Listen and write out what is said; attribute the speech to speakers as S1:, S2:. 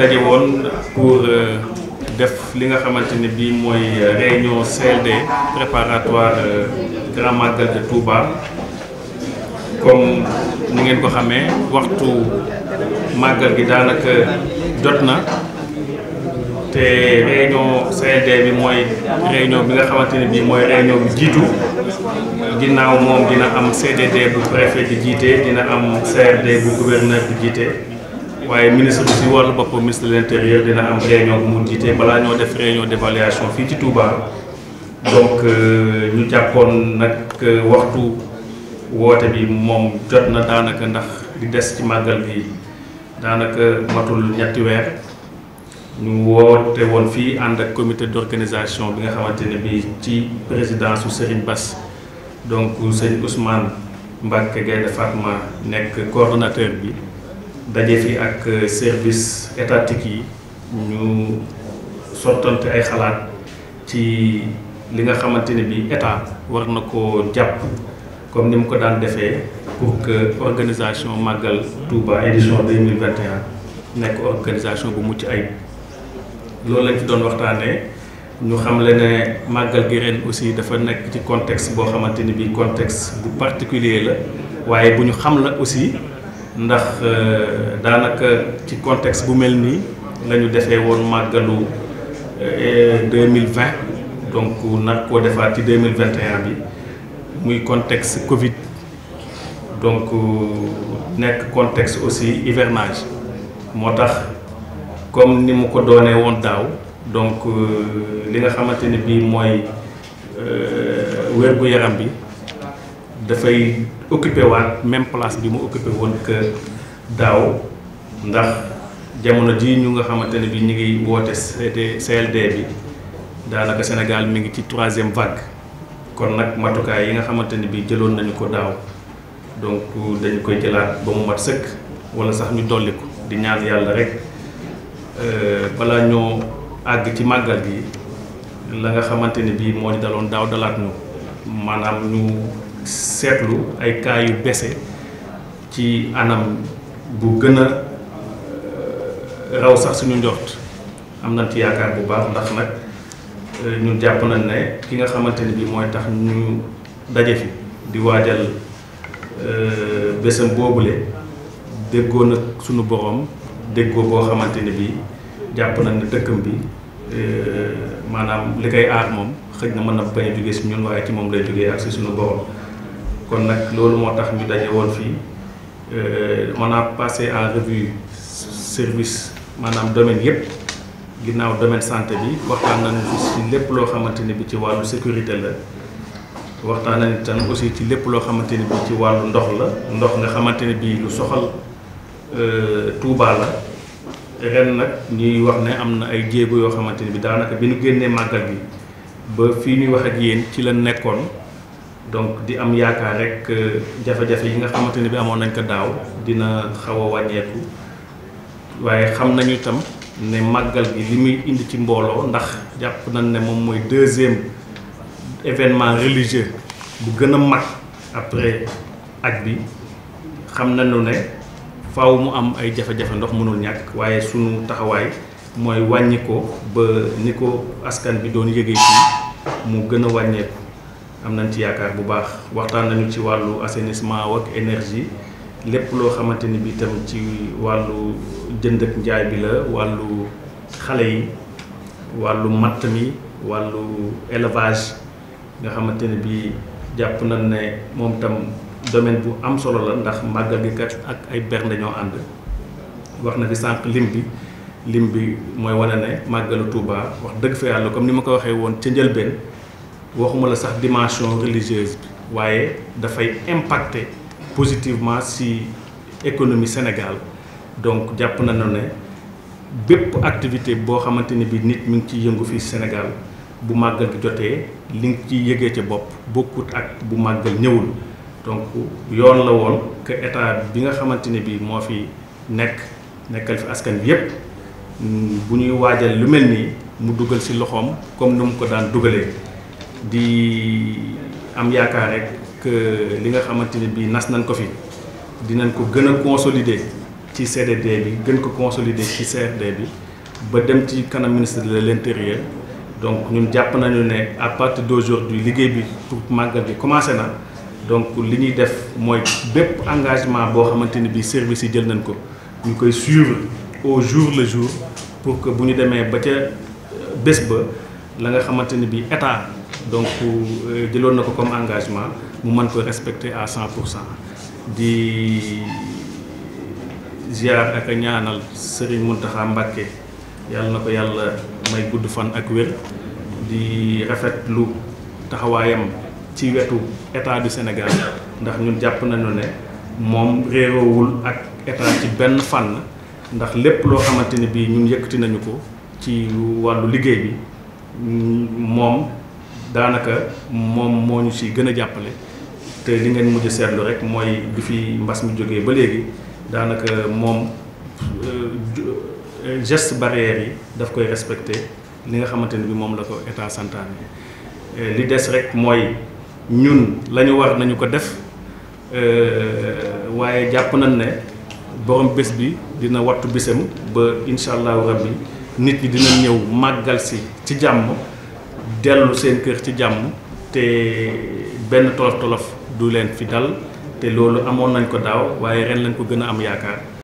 S1: daje woon pour euh, def li nga xamante ne bii mooy euh, réunion CLD préparatoire euh, grand magal de Touba
S2: comme ni ngeen ko xamee
S1: waxtu màggal gi daanaka jot na te réunion CLD bi mooy réunion bi nga xamante ne bii mooy réunion bi jiitu ginnaaw moom dina am CDD bu préfet di jiite dina am CRD bu gouverneur bi jiite. waaye ministre bi si wàllu boppam ministre de l' intérieur dina am réunion bu mu jiite balaa ñoo def réunion d' fii ci Touba. donc euh, ñu jàppoon nag euh, waxtu woote bi moom jot na daanaka ndax di des ci màggal bi daanaka matul ñetti weer ñu woote woon fii ànd ak comité d' organisation bi nga xamante ne bii ci présidence su Serigne Bass donc sëñ Ousmane Mbacke Gaynde Fatma nekk coordonnateur bi. daje fi ak euh, service étatique yi ñu sottante ay xalaat ci li nga xamante ne bi état war na ko jàpp comme ni mu ko daan defee pour que organisation màggal Touba édition 2021 nekk organisation bu mucc ay loolu lañ ci doon waxtaanee ñu xam le ne màggal gi ren aussi dafa nekk ci contexte boo xamante ni bi contexte bu particulier la waaye bu ñu xam la aussi ndax euh, daanaka ci contexte bu mel nii la defee woon màggalu euh, deux mille vingt donc nag koo defaat ci deux mille vingt et bi muy contexte Covid donc euh, nekk contexte aussi hivernage moo tax comme ni mu ko doonee woon daaw donc li nga xamante ni bii mooy wér-gu-yaram bi. dafay occupé waat même place bi mu occupé woon que daaw ndax jamono ji ñu nga xamante ne bi ñu ngi woote CLD bi daanaka Sénégal mu ngi ci troisième vague kon nag matukaay yi nga xamante ne bi jëloon nañu ko daaw donc dañu koy jëlaat ba mu mat sëkk wala sax ñu dolli ko di ñaan yàlla rek euh, balaa ñoo àgg ci màggal gi la nga xamante ne bii moo ñu daloon daaw dalaat ñu maanaam ñu seetlu ay cas yu bese ci anam bu gën a euh, raw sax suñu njort am na ci yaakaar bu baax ndax nag euh, ñun jàpp nañ ne ki nga xamante ni bi mooy tax ñu daje fi di waajal euh, bésam boobule déggoo nag suñu boroom déggoo boo xamante ni bi jàpp nañ ne dëkkam bi maanaam li koy aar moom xëj na mën na bañ a jógee si ñun waaye ci moom lay jógee ak si suñu boroom kon nag loolu moo tax ñu daje woon fii euh, on a passé en revue service maanaam domaine yëpp ginnaaw domaine santé bi waxtaan nañu ci lépp loo xamante ni bi ci wàllu sécurité la waxtaan nañu tam aussi ci lépp loo xamante ni bi ci wàllu ndox la ndox nga xamante ne bi lu soxal euh, Touba la ren nag ñuy wax ne am na ay jéego yoo xamante ni bi daanaka bi ñu génnee màggal bi ba fii ñuy wax ak yéen ci la nekkoon donc di am yaakaar rekk jafe-jafe yi nga xamante ne bi amoon nañ ko daaw dina xaw a wàññeeku waaye xam nañu itam ne màggal gi li muy indi ci mbooloo ndax jàpp nañ ne moom mooy deuxième événement religieux bu gën a mag après ak bi xam nañu ne faw mu am ay jafe-jafe ndox mënul ñàkk waaye suñu taxawaay mooy wàññi ko ba ni ko askan bi doon yëgee mu gën a wàññeeku. am nañ ci yaakaar bu baax waxtaan nañu ci wàllu assainissement ak énergie lépp loo xamante ni bi tam ci wàllu jënd ak njaay bi la wàllu xale yi wàllu matt mi wàllu élevage nga xamante ne bi jàpp nañ ne moom tam domaine bu am solo la ndax màggal gi kat ak ay bernde ñoo ànd wax na fi sànq lim bi lim bi mooy walla ne màggalu Touba wax dëgg fa yàlla comme ni ma ko waxee woon ca njëlbeen waxuma la sax dimension religieuse bi waaye dafay impacter positivement ci économie Sénégal donc jàpp na ne bépp activité boo xamante ni bi nit mi ngi ciy yëngu fii Sénégal bu màggal gi jotee li nga ciy yëgee ca bopp bokkut ak bu màggal ñëwul donc yoon la woon que état bi nga xamante ni bi moo fi nekk nekkal fi askan bi yépp bu ñuy waajal lu mel nii mu dugal ci loxoom comme nu mu ko daan dugalee di am yaakaar rek que li nga xamante ne bii nas nañ ko fi dinañ ko gën a consolider ci CDD bi gën ko consolider ci CRD bi ba dem ci kanam ministre de l'intérieur donc ñun jàpp nañu ne à partir d'aujourd'hui liggéey bi pour màggal bi commencé na donc li ñuy def mooy bépp engagement boo xamante ni bii service yi jël nañ ko ñu koy suivre au jour le jour pour que bu ñu demee ba ca bés ba la nga xamante ni bii état. donc euh, jëloon na ko comme engagement mu mën ko respecter à cent pour cent di ziar ak a ñaanal Serigne Mountakha Mbacké yàlla na ko yàlla may gudd fan ak wér di rafet lu taxawaayam ci wetu état du Sénégal ndax ñu jàpp nañu ne moom réeroowul ak état ci benn fànn ndax lépp loo xamante ni bii ñun yëkkati nañu ko ci wàllu liggéey bi moom daanaka moom moo ñu si gën a jàppale te li ngeen mujj seetlu rek mooy bi fi mbas mi jógee ba léegi daanaka moom euh, gest barrière yi daf koy respecté li nga xamante ne bi moom la ko état santaane li des rek mooy ñun la ñu war nañu ko def euh, waaye jàpp nañ ne borom bés bi dina wattu bisam ba incha allahu rabbi nit ñi dina ñëw màggal si ci jàmm dellu seen kër ci jàmm te benn tolof tolof du leen fi dal te loolu amoon nañ ko daaw waaye ren lañ ko gën a am yaakaar